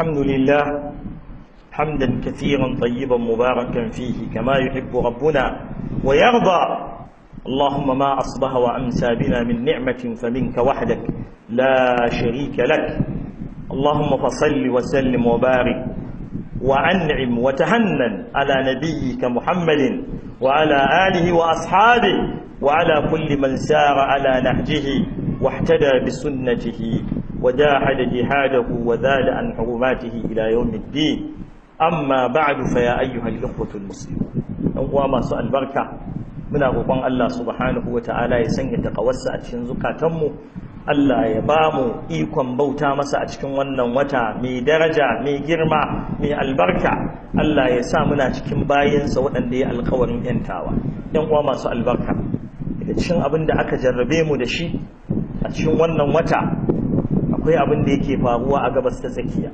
الحمد لله حمدا كثيرا طيبا مباركا فيه كما يحب ربنا ويرضى اللهم ما أصبح وأمسى بنا من نعمة فمنك وحدك لا شريك لك اللهم فصل وسلم وبارك وأنعم وتهنن على نبيك محمد وعلى آله وأصحابه وعلى كل من سار على نهجه واحتدى بسنته وجاهد جهاده وزاد عن حرماته إلى يوم الدين أما بعد فيا أيها الإخوة المسلمون أنقوا uwa masu albarka muna roƙon Allah subhanahu wata'ala ya sanya takawarsa a cikin zukatanmu Allah ya ba mu ikon bauta masa a cikin wannan wata mai daraja mai girma mai albarka Allah ya sa muna cikin bayansa waɗanda ya alkawarin yantawa yan uwa masu albarka daga cikin abin da aka jarrabe mu da shi a cikin wannan wata akwai abin da yake faruwa a gabas ta tsakiya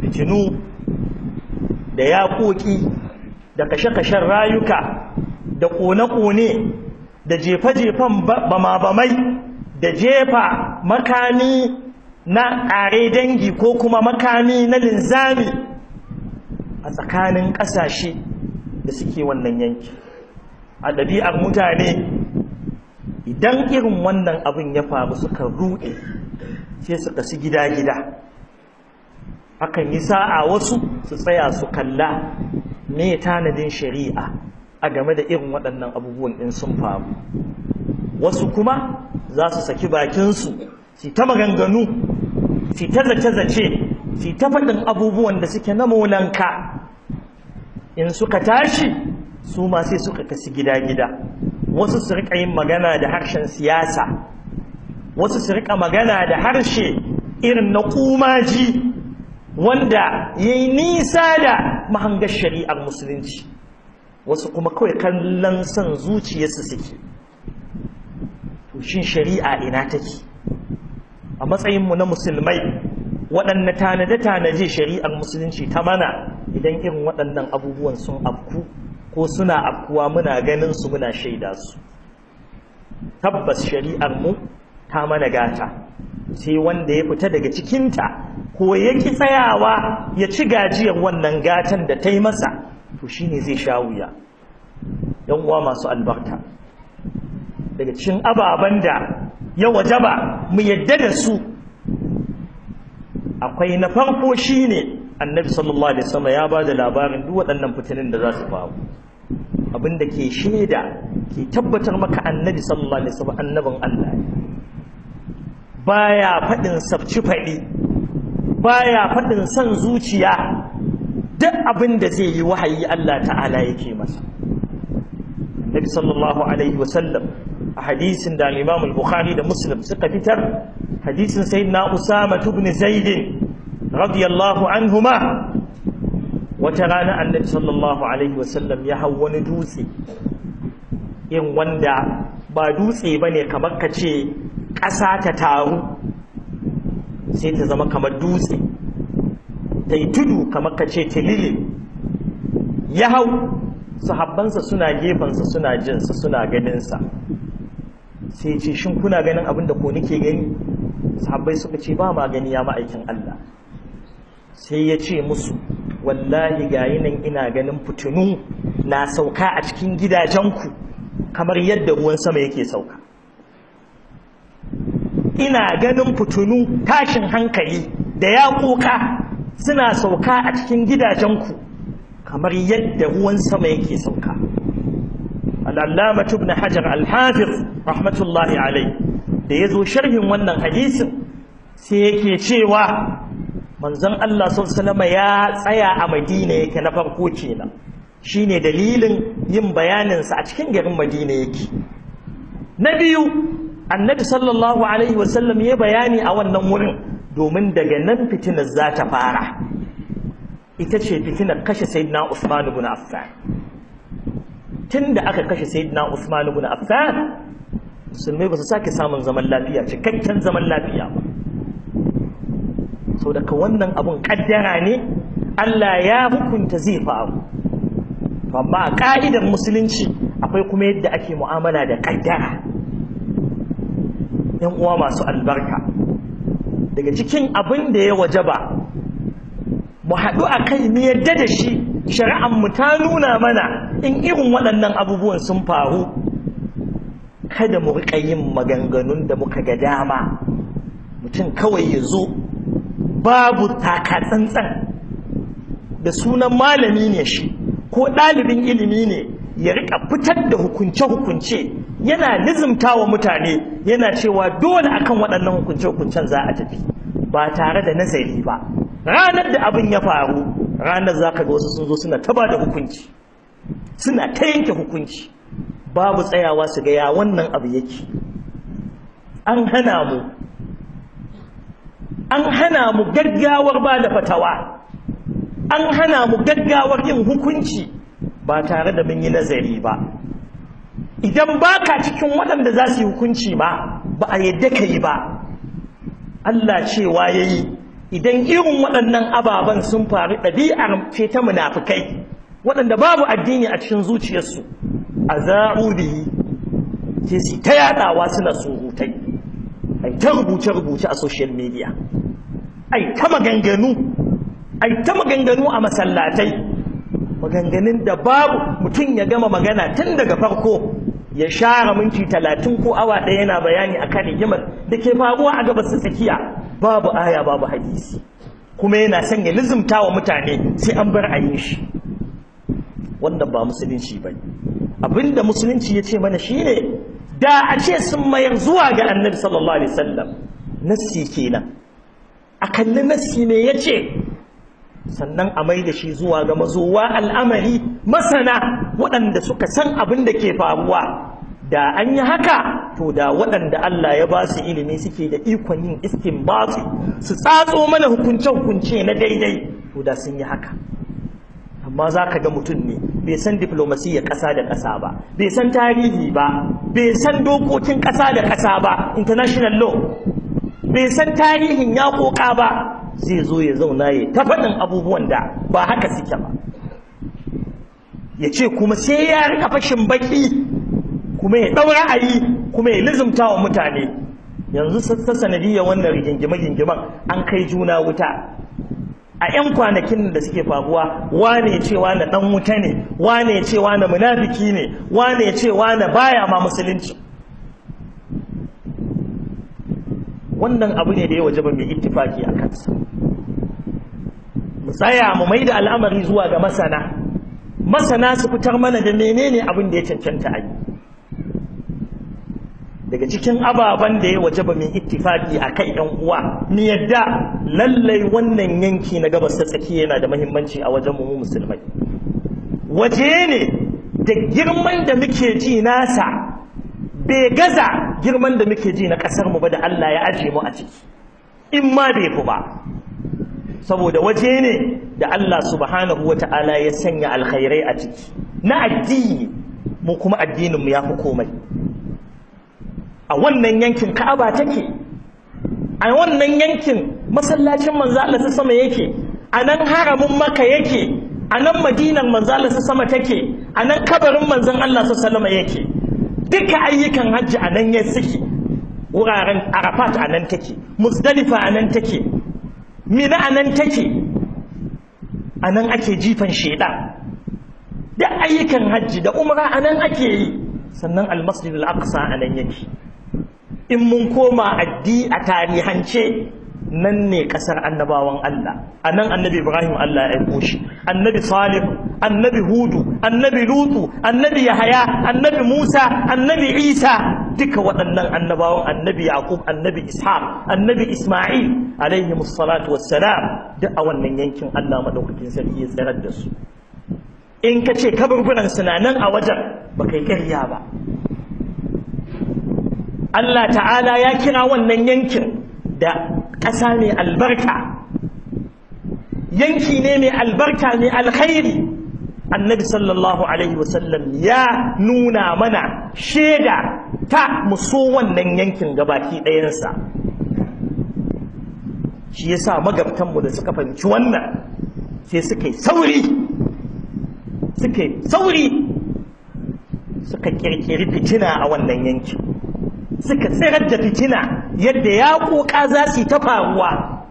fitinu da yaƙoƙi da kashe-kashen rayuka da ƙone-ƙone da jefa-jefan bamabamai da jefa makami na ƙare dangi ko kuma makami na linzami a tsakanin ƙasashe da suke wannan yanki a ɗabi'ar mutane idan irin wannan abin ya faru suka ruɗe sai su kasu gida-gida akan yi sa'a wasu su tsaya su kalla me tanadin shari'a a game da irin waɗannan abubuwan in sun faru wasu kuma za su saki bakinsu su ta maganganu su ta zace-zace su ta faɗin abubuwan da suke na molanka in suka tashi su ma sai suka kasi gida-gida wasu su riƙa yin magana da harshen siyasa wasu su riƙa magana da harshe irin na ƙumaji wanda ya yi nisa da mahangar shari'ar musulunci wasu kuma kawai kallon son zuciyarsu suke shin shari'a ina take a matsayinmu na musulmai waɗanne tanaje-tanaje shari'ar musulunci ta mana idan irin waɗannan abubuwan sun afku ko suna afkuwa muna ganin su muna shaida su tabbas shari'ar mu ta mana gata sai wanda ya fita daga cikinta ko ya ki tsayawa ya ci gajiyar wannan gatan da ta yi masa to shi zai sha wuya ‘yan uwa masu albarka daga cikin ababen da ya ba mu yadda da su akwai na farko shi ne annabi sallallahu alaihi wasallam ya ba da labarin duk waɗannan fitinin da za su faru abinda ke shaida ke tabbatar maka annabi sallallahu alaihi wasallam annabin Allah baya faɗin sabci faɗi baya faɗin son zuciya duk abin da zai yi wahayi Allah ta'ala yake masa Nabi sallallahu alaihi wasallam a hadisin da Imam al-Bukhari da Muslim suka fitar hadisin sayyidina Usama ibn Zaid radiyallahu anhuma wata rana annabi sallallahu alaihi wasallam ya hau wani dutse in wanda ba dutse bane kamar kace ƙasa ta taru sai ta zama kamar dutse ta yi tudu kamar ka ce tilili ya hau su habbansa suna gefensa suna jinsa suna ganinsa sai ce shin kuna ganin abin da ko nike gani Su habbai suka ce ba ma gani ya ma'aikin Allah sai ya ce musu wallahi yayinan ina ganin fitinu na sauka a cikin gidajenku kamar yadda ruwan sama yake sauka ina ganin fitunu tashin hankali da ya yaƙoƙa suna sauka a cikin gidajenku kamar yadda ruwan sama yake sauka al'allama tubna hajar alhafiz rahmatullahi alai da ya zo sharhin wannan hadisin sai yake cewa manzon Allah sallama ya tsaya a madina yake na farko kenan shine dalilin yin bayaninsa a cikin garin madina yake na biyu annabi sallallahu alaihi wasallam ya bayani a wannan wurin domin daga nan fitinar za ta fara ita ce fitinar kashe sayyidina Usman ibn Affan tunda aka kashe sayyidina Usman ibn Affan musulmai ba su sake samun zaman lafiya cikakken zaman lafiya ba sau daga wannan abun kaddara ne Allah ya hukunta zai faru amma a ka'idar musulunci akwai kuma yadda ake mu'amala da kaddara yan uwa masu albarka daga cikin abin da ya wajaba mu haɗu a kai mu yadda da shi shari'ar mu ta nuna mana in irin waɗannan abubuwan sun faru kada mu riƙa yin maganganun da muka ga dama mutum kawai ya zo babu taka tsantsan. da sunan malami ne shi ko ɗalibin ilimi ne ya riƙa fitar da hukunce-hukunce yana lizumta wa mutane yana cewa dole akan waɗannan hukunce-hukuncen za a tafi ba tare da nazari ba ranar da abin ya faru ranar za ka ga wasu sun zo suna taba da hukunci suna ta yanke hukunci babu tsayawa su ga ya wannan abu yake an hana mu an hana mu gaggawar ba da fatawa an hana mu gaggawar yin hukunci ba tare da mun yi nazari ba idan ba ka cikin waɗanda za su yi hukunci ba ba a yadda ka yi ba Allah cewa ya yi idan irin waɗannan ababen sun faru ɗabi'ar ce ta munafukai waɗanda babu addini a cikin zuciyarsu a za'u ke su ta yaɗawa suna surutai ai ta rubuce-rubuce a social media ai ta maganganu ai ta maganganu a masallatai maganganun da babu mutum ya gama magana tun daga farko ya share minti talatin ko awa ɗaya yana bayani a kan rigimar da ke faruwa a gabas tsakiya babu aya babu hadisi kuma yana son ya lizimta wa mutane sai an bar ayin shi wanda ba musulunci ba abinda musulunci ya ce mana shi ne, da a ce sun mayar zuwa ga annabi sallallahu alaihi wasallam nassi kenan a kalli nassi ne ya ce sannan a mai da shi zuwa ga mazowa al'amari masana waɗanda suka san abin da ke faruwa da an yi haka to da waɗanda Allah ya ba su ilimi suke da ikon yin istinbati su tsatso mana hukunce-hukunce na daidai to da sun yi haka amma za ka ga mutum ne bai san ya ƙasa da ƙasa ba bai san tarihi ba bai san dokokin ƙasa da ƙasa ba international law bai san tarihin ya ƙoƙa ba zai zo ya zauna ya ta faɗin abubuwan da ba haka suke ba ya ce kuma sai ya rika fashin baki kuma ya ɗau ra'ayi kuma ya lizumta wa mutane yanzu sassa sanadiyar wannan rigingime-gingimen an kai juna wuta a 'yan kwanakin da suke faruwa wane cewa na ɗan wuta ne wane cewa na munafiki ne wane cewa na baya ma musulunci wannan abu ne da ya waje ba mai ittifaki a kansa tsaya mu mai da al'amari zuwa ga masana masana su fitar mana da menene abin da ya cancanta a yi daga cikin ababen da ya waje ba mai ittifaki a kai ɗan uwa mu yadda lallai wannan yanki na gabas ta tsaki yana da mahimmanci a wajen mu musulmai waje ne da girman da muke ji nasa bai gaza girman da muke ji na ƙasar mu ba da Allah ya aje mu a ciki in ma bai fi ba saboda waje ne da Allah subhanahu wa ta'ala ya sanya alkhairai a ciki na addini mu kuma addininmu ya fi komai a wannan yankin ka'aba take a wannan yankin masallacin manzo Allah sama yake a nan haramun maka yake a nan madinar manzo Allah sama take a nan kabarin manzon Allah sallama yake duka ayyukan hajji a nan ya suke wuraren arafat a nan take muzdalifa a nan take mina anan take anan ake jifan sheda, da ayyukan hajji da umra anan ake yi sannan almasjid al-aqsa anan yake in mun koma addi a tarihance nan ne kasar annabawan Allah nan annabi Ibrahim Allah ya aiko shi annabi Salih annabi hudu annabi lutu annabi yahaya annabi musa annabi isa duka waɗannan annabawan annabi yaqub annabi ishaq annabi isma'il alaihi musallatu wassalam duk a wannan yankin Allah madaukakin sarki ya tsirar da su in ka ce kaburbunan suna nan a wajen ba kai ƙarya ba Allah ta'ala ya kira wannan yankin da ƙasa ne albarka yanki ne mai albarka mai alkhairi annabi sallallahu alaihi wasallam ya nuna mana shaida ta muso wannan yankin gabaki ɗayansa shi ya yasa magabtanmu da suka fahimci wannan sai suka yi sauri suka yi sauri suka kirkiri fitina a wannan yankin suka tsirar da fitina yadda ya ƙoƙa za su yi ta faruwa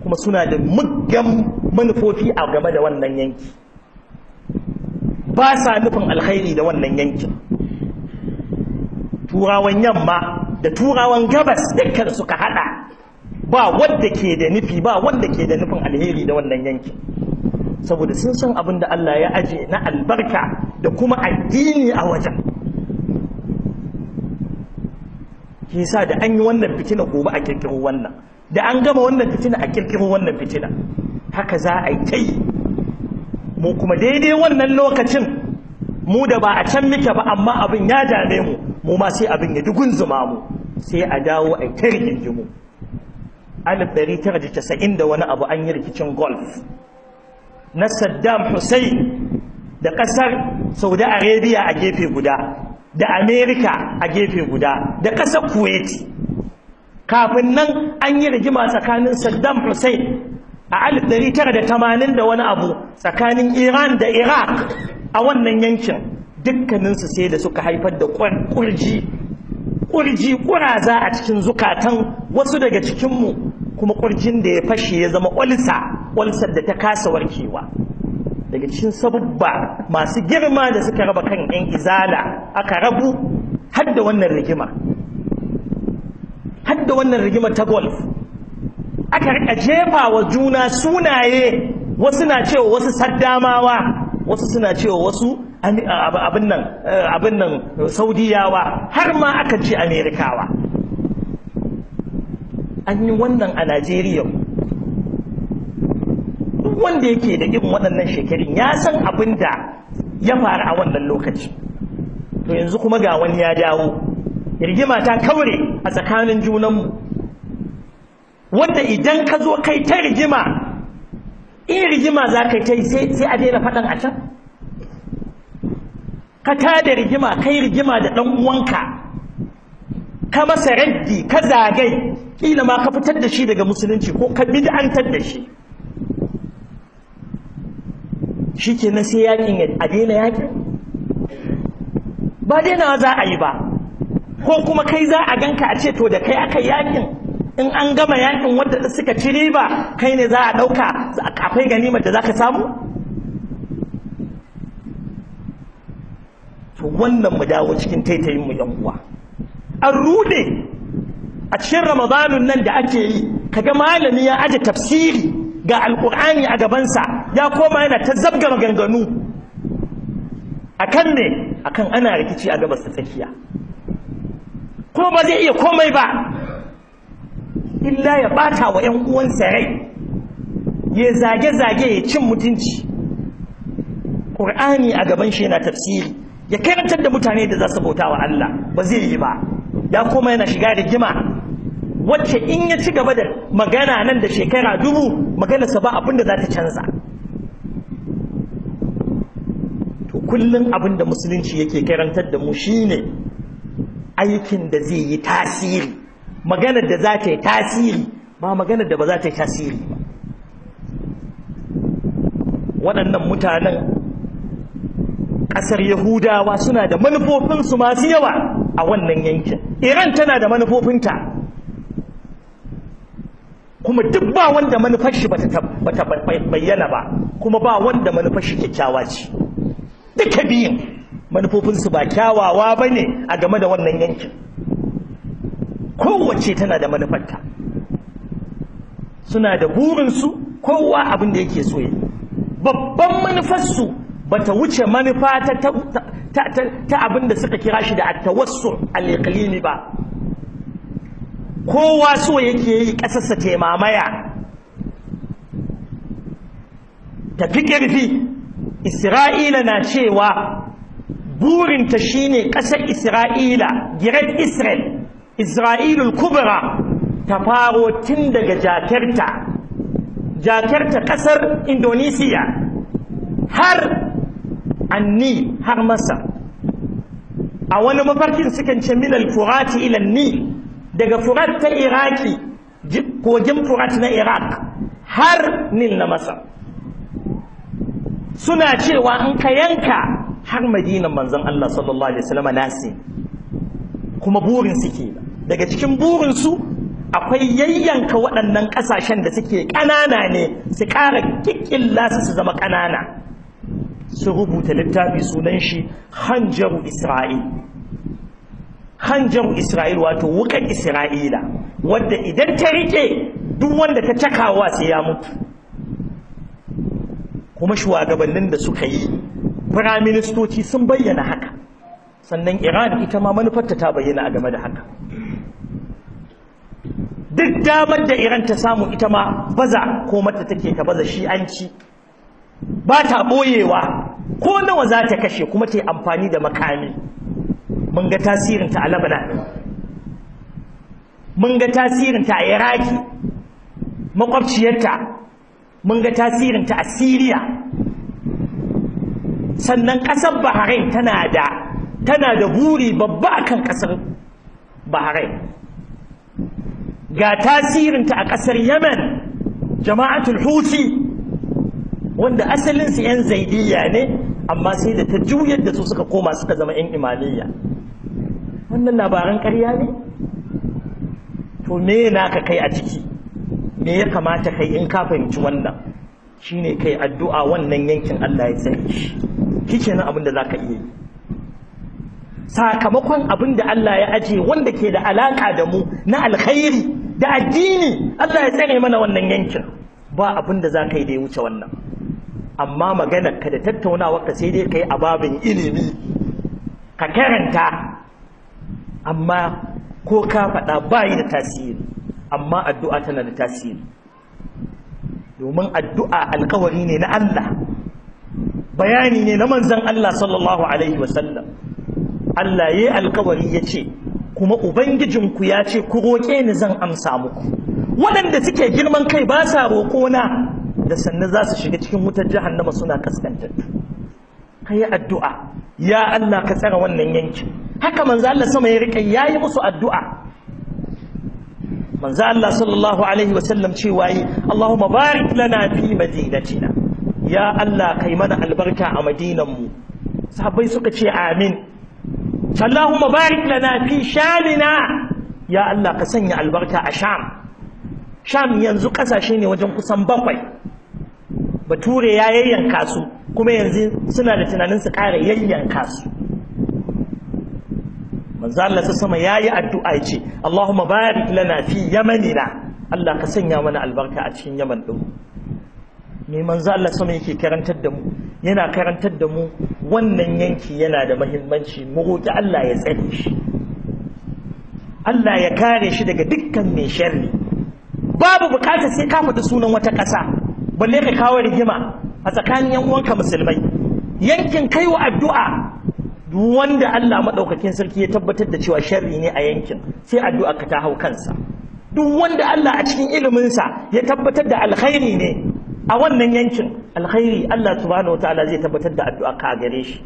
kuma suna da muggan manufofi a game da wannan yanki ba sa nufin alkhairi da wannan yankin turawan yamma da turawan gabas dukkan suka hada ba wanda ke da nufi ba wanda ke da nufin alheri da wannan yankin saboda sun san abin da Allah ya aje na albarka da kuma addini a wajen Ke sa da an yi wannan fitina gobe a kirkiro wannan da an gama wannan fitina a kirkiro wannan fitina haka za a yi ta yi mu kuma daidai wannan lokacin mu da ba a can muke ba amma abin ya dame mu mu ma sai abin ya dugun zuma mu sai a dawo a ta mu. alif ɗari tara da casa'in da wani abu an yi rikicin golf na saddam hussein da ƙasar saudi arabia a gefe guda da amerika a gefe guda da ƙasar Kuwait kafin nan an yi rigima tsakanin saddam hussein a 1980 da wani abu tsakanin Iran da Iraq a wannan yankin dukkaninsu sai da suka haifar da kurji kurji kuraza a cikin zukatan wasu daga cikinmu kuma kurjin da ya fashe ya zama olsa olsar da ta kasa warkewa daga cikin sabubba masu girma da suka raba kan 'yan izala aka rabu har da wannan rigima wannan rigima ta golf aka rika jefa wa juna sunaye wasu na cewa wasu saddamawa wasu suna cewa wasu abin nan saudiyawa har ma aka ce amerikawa an yi wannan a najeriya duk wanda yake da irin waɗannan shekarun ya san abin da ya faru a wannan lokaci to yanzu kuma ga wani ya dawo rigima ta kaure a tsakanin junanmu wanda idan ka zo kai ta rigima in rigima za ka ta yi sai a daina faɗan a can ka ta da rigima kai rigima da ɗan uwanka ka masa raddi ka zagai kila ma ka fitar da shi daga musulunci ko ka bi da shi shi ke na sai yakin a daina yakin ba daina za a yi ba ko kuma kai za a ganka a ce to da kai aka yakin in an gama yakin wanda suka ci riba kai ne za a ɗauka kafai ganimar da za ka samu to wannan mu dawo cikin taitayin mu yan uwa an rude a cikin ramadanun nan da ake yi kaga malami ya aje tafsiri ga alkur'ani a gabansa ya koma yana ta zabga maganganu akan ne akan ana rikici a gabas ta tsakiya ko ba zai iya komai ba illa ya ɓata wa 'yan uwansa rai ya zage-zage ya cin mutunci ƙur'ani a gaban shi yana tafsiri ya karantar da mutane da za su bauta wa Allah ba zai yi ba ya koma yana shiga rigima wacce in ya ci gaba da magana nan da shekara dubu maganarsa ba abin da za ta canza to kullum abin da musulunci yake karantar da mu shine aikin da zai yi tasiri maganar da za ta yi tasiri ba maganar da ba za ta yi tasiri ba waɗannan mutanen ƙasar yahudawa suna da manufofinsu masu yawa a wannan yankin iran tana da manufofinta kuma duk ba wanda manufashi ba ta bayyana ba kuma ba wanda manufashi kyakkyawa ce duka biyun manufofinsu ba kyawawa ba ne a game da wannan yankin kowace tana da manufarta suna da burinsu kowa abin da yake soya. babban manufarsu bata wuce manufa ta abin da suka kira shi da attawassu al-iqlimi ba kowa so yake yi kasarsa taimamaya. Tafi ƙirfi isra'ila na cewa burinta shine ƙasar isra'ila Great israel isra'ilul kubra ta faro tun daga jakarta jakarta ƙasar indonesiya har anni har masar a wani mafarkin sukan ce minal furati ilan ni daga furat ta iraki kogin furat na iraq har nil na masar suna cewa an ka yanka har madinan manzon Allah sallallahu alaihi wasallam nasi kuma burin suke ba daga cikin burinsu akwai yayyanka waɗannan ƙasashen da suke ƙanana ne su ƙara ƙiƙƙilla su su zama ƙanana su rubuta littafi sunan shi hanjaru isra'il hanjaru isra'il wato wukan isra'ila wadda idan ta riƙe duk wanda ta cakawa sai ya mutu kuma shugabannin da suka yi firaministoci sun bayyana haka sannan iran ita ma manufarta ta bayyana a game da haka duk damar da iran ta samu ita ma baza ko mata take ta baza shi an ci ba ta ɓoyewa ko nawa za ta kashe kuma ta yi amfani da makami mun ga tasirinta a labanan mun ga tasirinta a iraki makwabciyarta mun ga tasirinta a siriya sannan ƙasar bahrain tana da tana da buri babba a kan ƙasar bahrain ga tasirinta a ƙasar yaman jama'atul huti wanda asalinsu 'yan zaidiyya ne amma sai da ta juyar da su suka koma suka zama 'yan imamiyya wannan labaran ƙarya ne to me naka kai a ciki me ya kamata kai in ka fahimci wannan shine kai addu'a wannan yankin Allah ya tsare shi kike nan abin da zaka iya yi sakamakon abin da Allah ya aje wanda ke da alaka da mu na alkhairi da addini Allah ya tsare mana wannan yankin ba abin da za ka yi da ya wuce wannan amma maganar ka da tattaunawar ka sai dai ka yi a babin ilimi ka karanta amma ko ka faɗa ba yi da tasiri amma addu'a tana da tasiri domin addu'a alkawari ne na Allah bayani ne na manzan Allah sallallahu alaihi wasallam Allah ya alkawari ya ce kuma ubangijinku ya ce ku roƙe ni zan amsa muku waɗanda suke girman kai ba sa roƙona da sannan za su shiga cikin wutar jahannama suna kaskantar. ka yi addu'a ya Allah ka tsara wannan yankin haka manzo Allah sama ya riƙa ya yi musu addu'a manzo Allah sallallahu alaihi wasallam cewa yi Allahumma barik lana fi madinatina ya Allah kai mana albarka a madinan mu sahabbai suka ce amin Allahumma barik lana fi shamina ya Allah ka sanya albarka a sham sham yanzu ƙasashe ne wajen kusan bakwai bature ya yayyanka su kuma yanzu suna da tunanin su ƙara yayyanka su manzo Allah ta sama yayi addu'a yace Allahumma barik lana fi yamanina Allah ka sanya mana albarka a cikin yaman din me manzo Allah sama yake karantar da mu yana karantar da mu wannan yanki yana da mahimmanci mu roki Allah ya tsare shi Allah ya kare shi daga dukkan mai sharri babu bukatar sai ka faɗi sunan wata ƙasa balle ka kawo rigima a tsakanin yan uwanka musulmai yankin kaiwa addu'a addu'a wanda Allah maɗaukakin sarki ya tabbatar da cewa sharri ne a yankin sai addu'a ka ta hau kansa duk wanda Allah a cikin iliminsa ya tabbatar da alkhairi ne a wannan yankin alkhairi Allah subhanahu wataala zai tabbatar da addu'a ka gare shi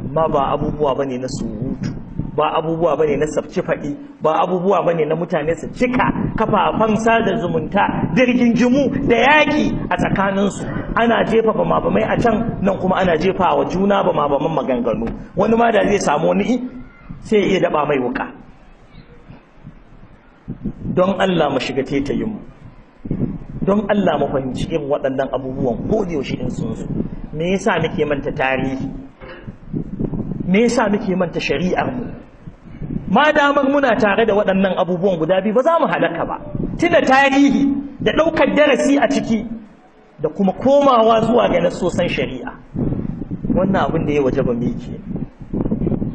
amma ba abubuwa bane na surutu ba abubuwa bane na sabci faɗi ba abubuwa bane na mutane su cika kafafan sada zumunta da rigingimu da yaƙi a tsakanin su ana jefa ba ma bamai a can nan kuma ana jefa wa juna ba ma bamabaman maganganu wani ma da zai samu wani sai ya daba mai wuka don Allah mu shiga mu. don Allah mu fahimci irin waɗannan abubuwan ko da yaushe in sun zo me yasa muke manta tarihi me yasa muke manta shari'ar mu ma damar muna tare da waɗannan abubuwan guda biyu ba za mu halaka ba tuna tarihi da ɗaukar darasi a ciki da kuma komawa zuwa ga nasosan shari'a wannan abin da ya waje ba mu ke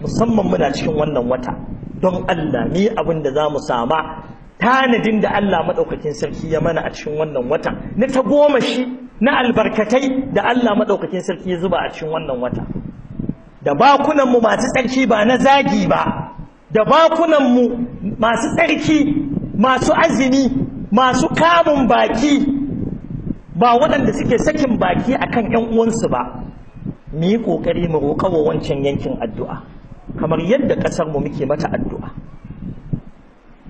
musamman muna cikin wannan wata don Allah ni abin da za mu sama tanadin da Allah maɗaukakin sarki ya mana a cikin wannan wata na ta goma shi na albarkatai da Allah maɗaukakin sarki ya zuba a cikin wannan wata da bakunanmu masu tsarki ba na zagi ba da bakunanmu masu tsarki masu azumi masu kamun baki ba waɗanda suke sakin baki akan ‘yan uwansu ba mu yi ƙoƙari mu roƙa wa wancan yankin addu'a kamar yadda ƙasarmu muke mata addu'a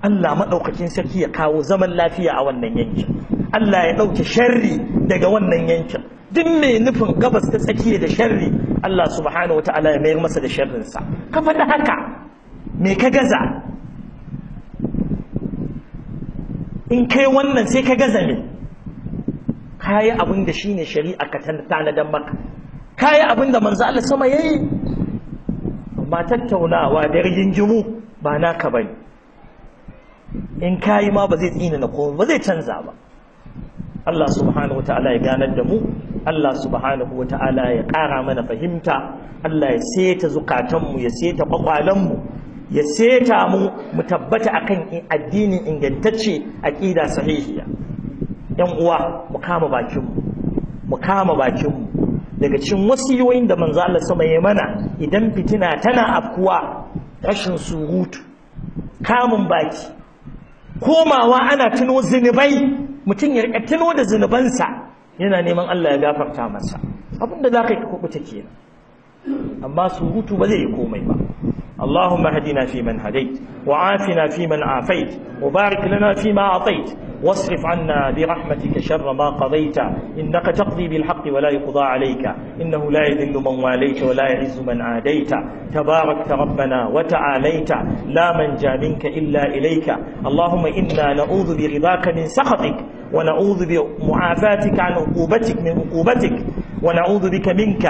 Allah maɗaukakin sarki ya kawo zaman lafiya a wannan yankin Allah ya ɗauke sharri daga wannan yankin duk mai nufin gabas ta tsakiya da sharri Allah subhanahu wa ta'ala ya mayar masa da sharrinsa ka faɗi haka me ka gaza in kai wannan sai ka gaza me ka yi abin da shine shari'a ka tanadan maka ka yi abin da manzo Allah sama yayi amma tattaunawa da rigingimu ba naka bane in kayi ma ba zai tsina na komai ba zai canza ba Allah subhanahu wa ta'ala ya ganar da mu Allah subhanahu wa ta'ala ya ƙara mana fahimta Allah ya seta zukatanmu ya seta kwakwalanmu ya seta mu mu tabbata akan addinin ingantacce aqida sahihiya yan uwa mu kama bakinmu mu kama bakinmu daga cikin wasiyoyin da manzo Allah sama ya mana idan fitina tana afkuwa rashin surutu kamun baki komawa ana tuno zinubai mutum ya rika tuno da zinubansa yana neman Allah ya gafarta masa abinda za ka yi kuɓuta kenan amma surutu ba zai yi komai ba اللهم اهدنا فيمن هديت وعافنا فيمن عافيت وبارك لنا فيما أعطيت واصرف عنا برحمتك شر ما قضيت إنك تقضي بالحق ولا يقضى عليك إنه لا يذل من واليت ولا يعز من عاديت تباركت ربنا وتعاليت لا جاء منك إلا إليك اللهم إنا نعوذ برضاك من سخطك ونعوذ بمعافاتك عن عقوبتك من عقوبتك ونعوذ بك منك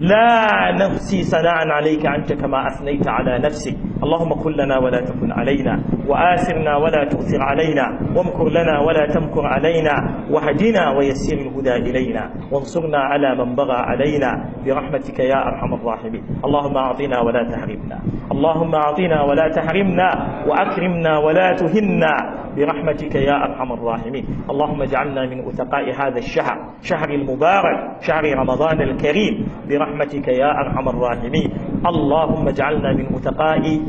لا نفسي ثناء عليك أنت كما أثنيت على نفسك اللهم كن لنا ولا تكن علينا وآثرنا ولا تؤثر علينا وامكر لنا ولا تمكر علينا وهدنا ويسير الهدى إلينا وانصرنا على من بغى علينا برحمتك يا أرحم الراحمين اللهم أعطنا ولا تحرمنا اللهم أعطنا ولا تحرمنا وأكرمنا ولا تهنا برحمتك يا أرحم الراحمين اللهم اجعلنا من أتقاء هذا الشهر شهر المبارك شهر رمضان الكريم برحمتك يا أرحم الراحمين اللهم اجعلنا من متقائي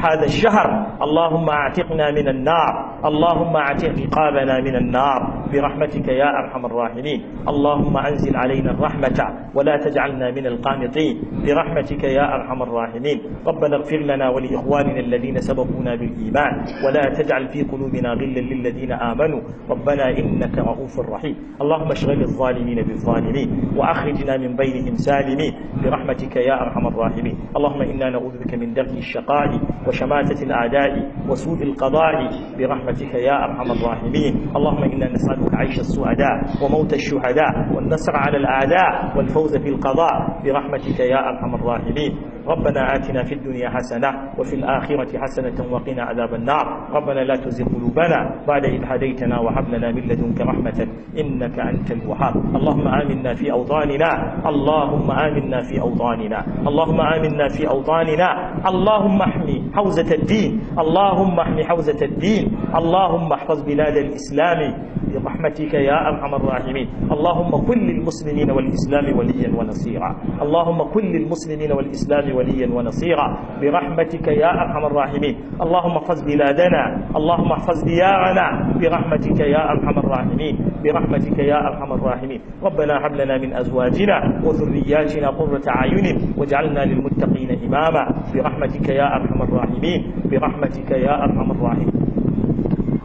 هذا الشهر اللهم اعتقنا من النار اللهم اعتق رقابنا من النار برحمتك يا أرحم الراحمين اللهم أنزل علينا الرحمة ولا تجعلنا من القانطين برحمتك يا أرحم الراحمين ربنا اغفر لنا ولإخواننا الذين سبقونا بالإيمان ولا تجعل في قلوبنا غلا للذين آمنوا ربنا إنك رؤوف رحيم اللهم اشغل الظالمين بالظالمين وأخرجنا من بينهم سالمين برحمتك يا أرحم الراحمين اللهم إنا نعوذ بك من درك الشقاء وشماتة الأعداء وسوء القضاء برحمتك يا أرحم الراحمين اللهم إنا نسأل عيش السعداء وموت الشهداء والنصر على الأعداء والفوز في القضاء برحمتك يا أرحم الراحمين ربنا آتنا في الدنيا حسنة وفي الآخرة حسنة وقنا عذاب النار ربنا لا تزغ قلوبنا بعد إذ هديتنا وهب لنا من لدنك رحمة إنك أنت الوهاب اللهم آمنا في أوطاننا اللهم آمنا في أوطاننا اللهم آمنا في أوطاننا اللهم احمي حوزة الدين اللهم احمي حوزة الدين اللهم احفظ بلاد الإسلام برحمتك يا أرحم الراحمين اللهم كن للمسلمين والإسلام وليا ونصيرا اللهم كن للمسلمين والإسلام وليا ونصيرا برحمتك يا أرحم الراحمين اللهم احفظ بلادنا اللهم احفظ ديارنا برحمتك يا أرحم الراحمين برحمتك يا أرحم الراحمين ربنا هب لنا من أزواجنا وذرياتنا قرة أعين واجعلنا للمتقين إماما برحمتك يا أرحم الراحمين برحمتك يا أرحم الراحمين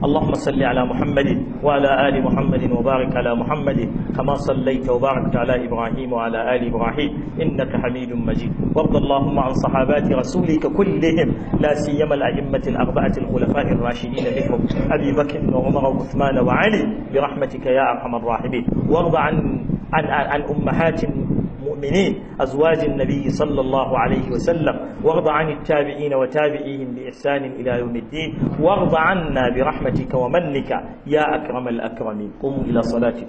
اللهم صل على محمد وعلى آل محمد وبارك على محمد كما صليت وباركت على إبراهيم وعلى آل إبراهيم إنك حميد مجيد وارض اللهم عن صحابات رسولك كلهم لا سيما الأئمة الأربعة الخلفاء الراشدين بهم أبي بكر وعمر وعثمان وعلي برحمتك يا أرحم الراحمين وارض عن عن, عن, عن أمهات المؤمنين أزواج النبي صلى الله عليه وسلم وارض عن التابعين وتابعيهم بإحسان إلى يوم الدين وارض عنا برحمتك ومنك يا أكرم الأكرمين قوموا إلى صلاتك